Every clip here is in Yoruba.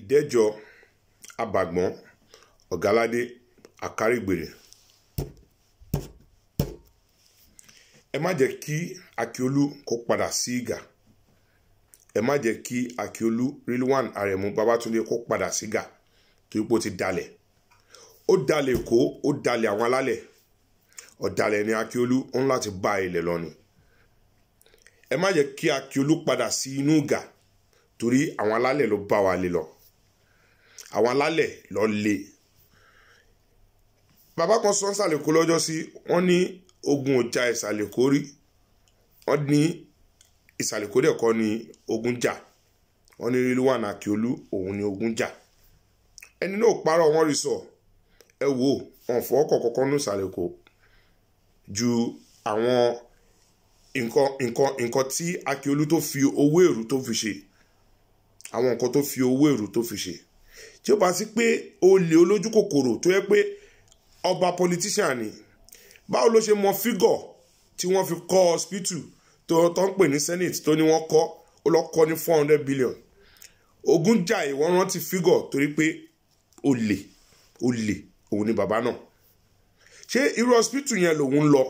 ìdẹ́jọ́ abàgbọ́n ọ̀gáládé àkárìgbèrè ẹ má jẹ́ kí akíolú kó padà sí ìgà ẹ má jẹ́ kí akíolú rilwan aremu babatunde kó padà sí ìgà torí pé ti dalẹ̀ ó dalẹ̀ èkó ó dalẹ̀ àwọn alálẹ̀ ọ̀dàlẹ̀ ni akíolú ó ń láti bá ilẹ̀ lọ ni ẹ má jẹ́ kí akíolú padà sí inú ìgà torí àwọn alálẹ̀ ló bá wa lè lọ àwọn alálẹ̀ lọ lé bàbá kan sọ nsàlẹ̀ kó lọ́jọ́ sí wọ́n ní ogun ọjà ìsàlẹ̀ kórì wọ́n ní ìsàlẹ̀ kórì ẹ̀kọ́ ni ogun jà wọ́n ní Rilwan Akiolu òun ni ogun jà ẹni náà parọ́ wọ́n rí sọ ẹ wò wọn fọ́ kọ̀ọ̀kan ní ìsàlẹ̀ ju àwọn nǹkan nǹkan nǹkan tí Akiolu tó fi owó èrú tó fi ṣe àwọn nǹkan tó fi owó èrú tó fi ṣe tí ó bá sí pé olè olójú kòkòrò tó yẹ pé ọba politician ni báwo ló ṣe mọ fígọ̀ tí wọ́n fi kọ́ hospital tó tó ń pè ní senate tó ní wọ́n kọ́ ó lọ kọ́ ní four hundred billion Ògúnjàyè wọ́n rántí fígọ̀ torí pé olè olè òun ni bàbá náà ṣé irú hospital yẹn lòun ń lọ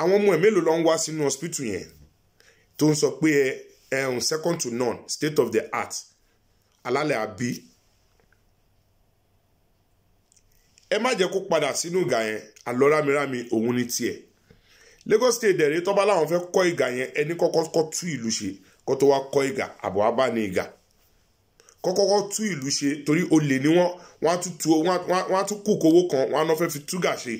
àwọn ọmọ ẹ̀ mélòó ló ń wá sínú hospital yẹn tó ń sọ pé ẹ eh, ẹ̀hún um, second to none state of the art alálẹ̀ àbí ẹ má jẹ́ kó padà sínú ìgà yẹn àlọ́ rámirámi òun ní tiẹ̀ Lagos State dẹ̀rẹ́ tọ́ba làwọn fẹ́ kọ́ ìgà yẹn ẹni kọ́kọ́ kọ́ tú ìlú ṣe kó tó wá kọ́ ìgà àbọ̀ wá bá ní ìgà kọ́kọ́kọ́ tú ìlú ṣe torí olè ni wọ́n wọ́n á tún kú kówó kan wọ́n á náà fẹ́ fi túgà ṣe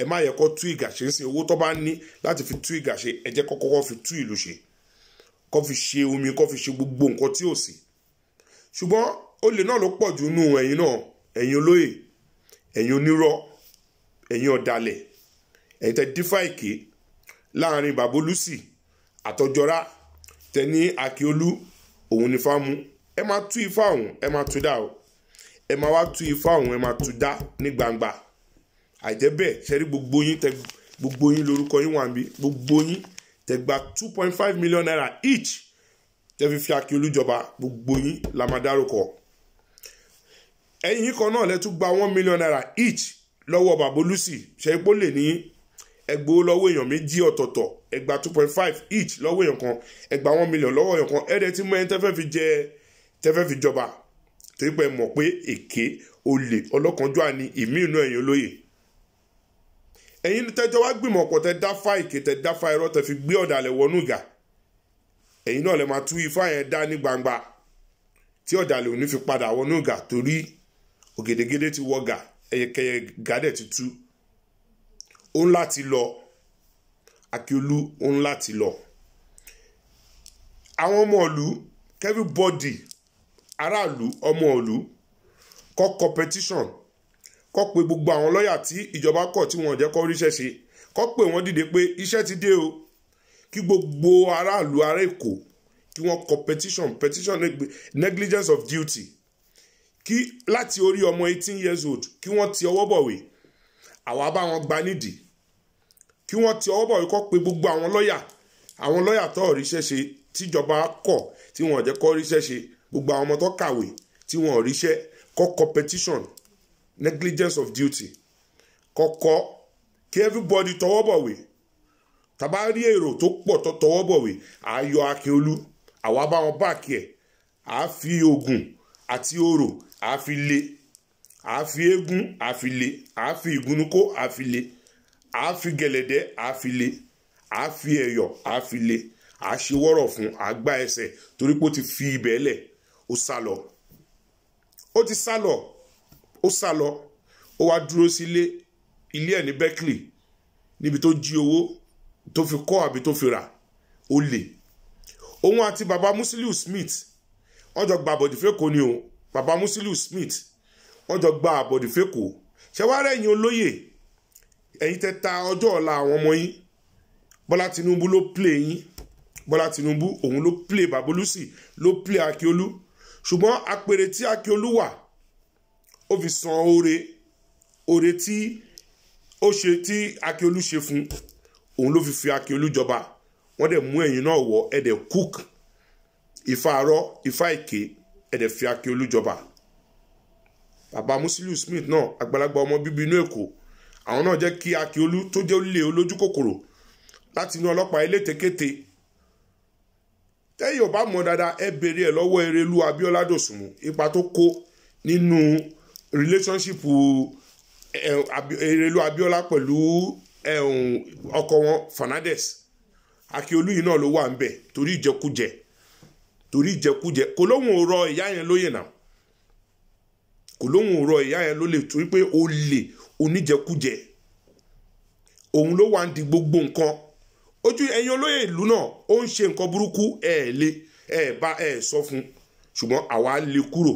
ẹ má yẹ kó tú ìgà ṣe ń sin owó tó bá ní láti fi tú ìgà ṣe ẹ jẹ́ kọ́kọ́kọ́ fi tú ìlú ṣe kó fi ṣe omi kó fi ṣe gbogbo nǹkan tí ò sí ṣùgbọ́n olè náà ló pọ̀ jù nù ẹ̀yìn náà ẹ̀yin olóyè ẹ̀yin onírọ́ ẹ̀yin ọ̀dàlẹ̀ ẹ̀yin tẹ dífá èké láàrin babolúsì àtọjọra tẹ ní akíolú òun ní fámú ẹ máa tú ifá ọ̀hún ẹ máa tú dá o ẹ máa wá tú ifá ọ̀hún ẹ máa tú dá ní gbangba àìjẹ́ bẹ́ẹ̀ ṣẹ́rí gbogbo yín tẹ gbogbo yín lórúkọ yín wà níbí gbogbo yín tẹ gba two point five million naira each tẹ fi fi akíolú jọba gbogbo yín la máa dárúkọ ẹ̀yìn kan náà lẹ́tún gba one million naira each lọ́wọ́ babolúsì ṣe ipò lè ní ẹgbẹ́ owó lọ́wọ́ èèyàn méjì ọ̀tọ̀ọ̀tọ̀ ẹgbà two point five each lọ́wọ́ èèyàn kan ẹgbà one million lọ́wọ́ èèyàn kan ẹ̀ẹ́dẹ̀ tí mo ẹ̀ ń tẹ́fẹ́ fi jẹ tẹ́fẹ́ fi jọba torí pé mọ̀ pé èké olè ọlọ́kànjúà ni ìmí inú ẹ̀yìn olóyè ẹ̀yin tẹ́jọ wá gbìmọ̀ pọ̀ tẹ́ dáfá èké tẹ́ dáfá irọ́ tẹ́ fi gbé ọ̀dàlẹ̀ wọnú ìgà ẹ̀yin náà lè máa tú ifá yẹn dá ní gbangba tí ọ̀dàlẹ̀ ò ní fi padà wọnú ìgà torí ògèdègèdè ti wọ gà ẹyẹkẹyẹ gà dẹ̀ ti tú ó ń láti lọ akíolú ó ń láti lọ àwọn ọmọ ìlú everybody aráàlú ọmọ ìlú kọ́ competition kọ́ pé gbogbo àwọn lọ́ọ̀yà tí ìjọba kọ̀ tí wọ́n jẹ́ kọ́ ríṣẹ́ ṣe kọ́ pé wọ́n dìde pé iṣẹ́ ti dé o kí gbogbo aráàlú ará èkó kí wọ́n competition petition negligence of duty kí láti orí ọmọ eighteen years old kí wọ́n ti ọwọ́ bọ̀wé àwa bá wọn gba nídìí kí wọ́n ti ọwọ́ bọ̀wé kọ́ pé gbogbo àwọn lọ́ọ̀yà àwọn lọ́ọ̀yà tó ríṣẹ́ ṣe tíjọba kọ̀ tí wọ́n jẹ́ kọ́ ríṣẹ́ ṣe gbogbo àwọn ọmọ tó kàwé tí wọ́n ríṣẹ́ kọ́ competition negligence of duty kọ́kọ́ kí everybody tọwọ́ bọ̀wé tàbá rí èrò tó pọ̀ tó tọwọ́ bọ̀wé àyọ akínolú àwa bá wọn báàkì ẹ̀ àá fi oògùn àti orò àfilé àfi eégún àfilé àfi ìgúnnukó àfilé àfi gẹ̀lẹ̀dẹ́ àfilé àfi ẹ̀yọ̀ àfilé àṣewọ́rọ̀ fún àgbá ẹsẹ̀ torí pé ó ti fi ibẹ̀ lẹ̀ ó sá lọ ó ti sá lọ ó sá lọ ó wá dúró sílé ilé ẹ̀ ní Berkeley níbi tó jí owó tó fi kọ́ àbí tó fi rà ó lè òun àti baba Musiliu Smith wọ́n jọ gba àbọ̀dìfẹ́ kò ní o baba Musiliu Smith wọ́n jọ gba àbọ̀dì fẹ́kọ̀ọ́ ṣẹ́wárẹ́ ẹ̀yin olóyè ẹ̀yin tẹ́ ta ọjọ́ ọ̀la àwọn ọmọ yín Bọ́lá Tinubu ló plé yín Bọ́lá Tinubu òun ló plé Babolúsì ló plé Akíolú ṣùgbọ́n apèrè tí Akíolú wà ó fi san oore oore tí ó ṣe tí Akíolú ṣe fún òun ló fi fi Akíolú jọba wọ́n dẹ̀ mú ẹ̀yin náà wọ̀ ẹ̀ dẹ̀ cook ìfàárọ̀ ìfà èké ẹ̀dẹ̀ fi Akin Olújọba bàbá Musiliu Smith náà àgbàlagbà ọmọ bíbí inú Èkó àwọn náà jẹ́ kí Akin Olú tó jẹ́ olè olójú kòkòrò láti inú ọlọ́pàá elétekéte tẹ́yìn ò bá mọ̀ dáadáa ẹ béèrè ẹ̀ lọ́wọ́ Erelu Abiola Dosunmu ipa tó kó nínú relationship Erelu Abiola pẹ̀lú ọkọ wọn Fernandez Akin Olú yìí náà ló wà ń bẹ̀ torí ìjẹkújẹ torí ìjẹkújẹ kò lóhùn òrọ ìyá yẹn lóyè náà kò lóhùn òrọ ìyá yẹn ló lè torí pé olè oníjẹkújẹ òun ló wà ń di gbogbo nǹkan ojú ẹ̀yin olóyè ìlú náà ó ń ṣe nǹkan burúkú ẹ ẹ lé ẹ bá ẹ sọ fún ṣùgbọ́n àwa lè kúrò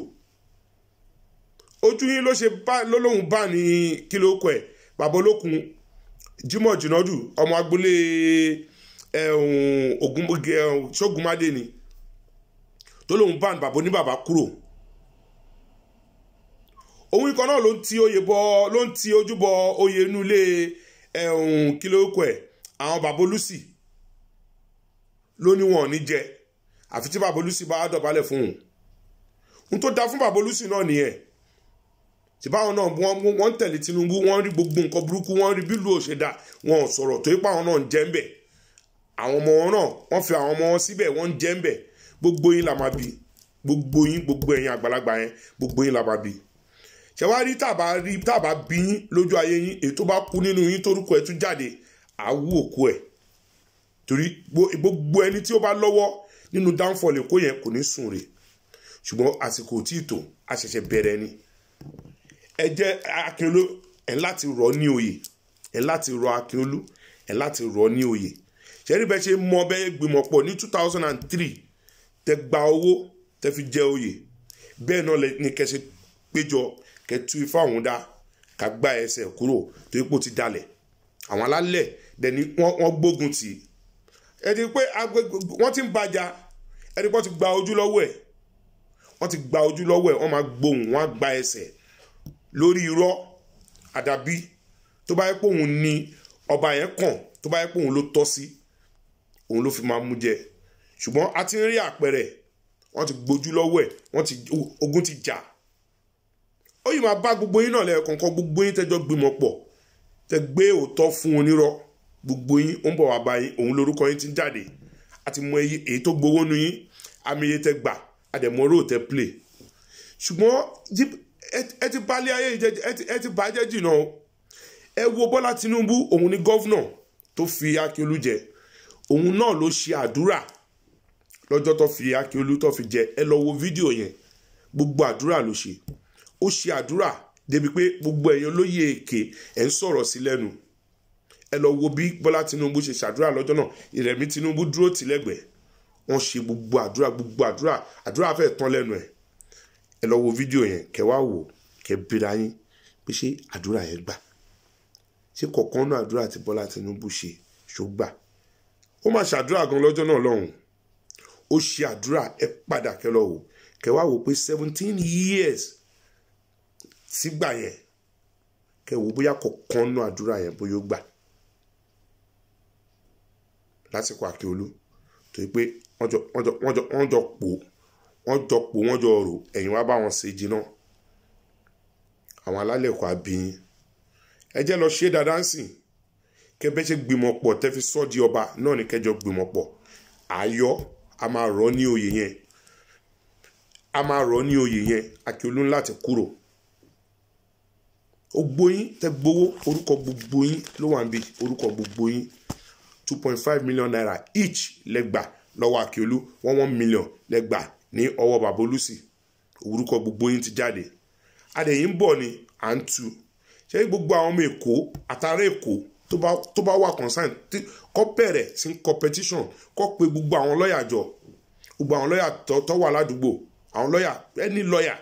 ojú yín ló ṣe bá lólóhùn bá ní kílò kọ ẹ bàbá olókun Jimoh Jinadu ọmọ agboolé ẹ̀hún ogun ṣógunmádé ni. Eh, tó lóun bá bàbá oníbàbá kúrò òun ikọ̀ náà ló ń ti oyè bọ ló ń ti ojú bọ oyè inú ilé ẹ̀hún kílókò ẹ̀ àwọn bàbá olùsì ló ní wọn ò ní jẹ àfi tí bàbá olùsì bá dọ̀bálẹ̀ fún un ohun tó dáa fún bàbá olùsì náà nìyẹn tìbáwọn náà wọ́n ń tẹ̀lé Tinubu wọ́n rí gbogbo nǹkan burúkú wọ́n rí bílù òṣèdá wọn ò sọ̀rọ̀ tó ipa àwọn náà ń jẹ́ ń bẹ̀ àwọn ọmọ wọn náà wọ́n fi àwọn ọmọ wọn síbẹ̀ wọ́n ń jẹ́ ń bẹ̀ gbogbo yín la máa bì gbogbo yín gbogbo ẹ̀yin àgbàlagbà yẹn gbogbo yín la máa bì ṣé wàá rí tàbá rí tàbá bí yín lójú ayé yín èyí tó bá kú nínú yín torúkọ ẹ̀ tún jáde àwú òkú ẹ̀ torí gbogbo ẹni tí ó bá lọ́wọ́ nínú downfall èkó yẹn kò ní sùn rè ṣùgbọ́n àsìkò tí ìtò a bẹ̀rẹ̀ ni ẹ jẹ́ Akínolú ẹ̀ láti rọ̀ ní oyè ẹ̀ láti rọ̀ Akínolú ẹ̀ láti rọ̀ ní oyè ṣẹ́rí bẹ́ẹ̀ ṣe mọ bẹ́ẹ̀ gbìmọ̀ pọ̀ ní two thousand and three tẹ gba owó tẹ fi jẹ oyè bẹ́ẹ̀ náà ni kẹsẹ̀ péjọ kẹtù ifá ọ̀hún dá ká gba ẹsẹ̀ kúrò tó ipò ti dalẹ̀ àwọn alálẹ̀ dẹni wọ́n gbógun tì í ẹni pé wọ́n ti ń bàjá ẹni pé wọ́n ti gba ojú lọ́wọ́ ẹ̀ wọ́n ti gba ojú lọ́wọ́ ẹ̀ wọ́n máa gbohùn wọ́n á gba ẹsẹ̀ lórí irọ́ àdàbí tó bá yẹ pé òun ni ọba yẹn kàn tó bá yẹ pé òun ló tọ́ sí òun ló fi máa mú jẹ ṣùgbọ́n a ti ń rí àpẹẹrẹ wọ́n ti gbójú lọ́wọ́ ẹ̀ wọ́n ti ogun ti jà ó yìí máa bá gbogbo yín náà lẹ́ẹ̀kọ̀ọ̀kan gbogbo yín tẹ́jọ́ gbìmọ̀ pọ̀ tẹ́ gbé òótọ́ fún onírọ́ gbogbo yín ó ń bọ̀ wá báyìí òun lórúkọ yín ti ń jáde àti mọ èyí tó gbowó nu yín àmì iye tẹ́ gbà àdẹ̀mọ́rò tẹ́ play ṣùgbọ́n ẹ ti bá lé ayé ẹ ti bàjẹ́ jìnnà o ẹ wo Bọ́lá Tinubu òun ni gọ́vnà tó fi Akíọlù jẹ òun náà ló ṣe àdúrà lọ́jọ́ tó fi Akíolú tó fi jẹ ẹ lọ wo fídíò yẹn gbogbo àdúrà ló ṣe ó ṣe àdúrà débi pé gbogbo ẹ̀yin olóyè èké ẹ̀ ń sọ̀rọ̀ sí lẹ́nu ẹ lọ wo bí Bọ́lá Tinubu ṣe ṣàdúrà lọ́jọ́ náà Ìrẹ̀mí Tinubu dúró tì lẹ́gbẹ̀ẹ́ wọ́n ṣe gbogbo àdúrà gbogbo àdúrà àdúrà fẹ́ẹ̀ tán lẹ́nu ẹ̀ ẹ lọ wo fídíò yẹn kẹ wá wò kẹ bira yín pé ṣé àdúrà yẹn gbà ṣé kọ̀ọ̀kan náà àdúrà tí Bọ́lá Tinubu ṣe ṣó gbà ó mà ṣàdúrà gan lọ́jọ́ náà lọ́hùn-ún ó ṣe àdúrà ẹ padà kẹlọ wò kẹwà wò pé seventeen years sígbà yẹn kẹwò bóyá kọ̀ọ̀kan nú àdúrà yẹn bóyá ó gbà lásìkò Akíolú torí pé wọ́n jọ wọ́n jọ wọ́n jọ wọ́n jọ pò wọ́n jọ pò wọ́n jọ rò ẹ̀yìn wá bá wọn ṣe jiná àwọn alálẹ̀ kọ́ abiyin ẹ jẹ́ lọ ṣe dáadáa ń sìn kẹ ṣe gbìmọ̀ pọ̀ tẹ́ fi sọ́ di ọba náà ni kẹjọ gbìmọ̀ pọ̀ ayọ̀ a máa rọ̀ ní oyè yẹn a máa rọ̀ ní oyè yẹn Akíolú ńlá ti kúrò gbogbo yín tẹ gbowó orúkọ gbogbo yín ló wà níbi orúkọ gbogbo yín two point five million naira each lẹ́gbà lọ́wọ́ Akíolú one one million lẹ́gbà ní ọwọ́ Babolúsì orúkọ gbogbo yín ti jáde adẹ̀yìn bọ̀ ni à ń tu ṣé gbogbo àwọn ọmọ Èkó àtàrà Èkó tó bá tó bá wà concern tí kọ́ bẹ̀rẹ̀ sí kọ́ petition kọ́ pe gbogbo àwọn lọ́ọ̀yà jọ gbogbo àwọn lọ́ọ̀yà tó tó wà ládùúgbò àwọn lọ́ọ̀yà any lọ́ọ̀yà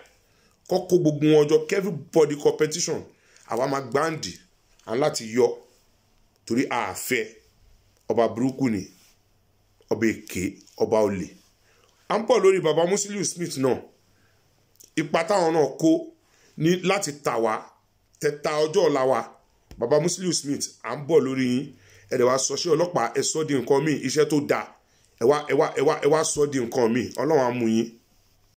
kọ́ kó gbogbo wọn jọ kí everybody competition, petition àwa máa gbáǹdì à ń láti yọ torí ààfẹ́ ọba burúkú ni ọba èké ọba olè à ń bọ̀ lórí baba Musiliu Smith náà ipa táwọn náà kó ní láti tà wá tẹ̀ta ọjọ́ ọ̀la wa baba Musiliu Smith à ń bọ̀ lórí yín ẹ̀dẹ̀ wa sọ ṣé ọlọ́pàá ẹ̀ sọ́ di nǹkan míì iṣẹ́ tó dáa ẹ̀ wá ẹ̀ wá ẹ̀ wá sọ́ di nǹkan míì ọlọ́run á mú yín.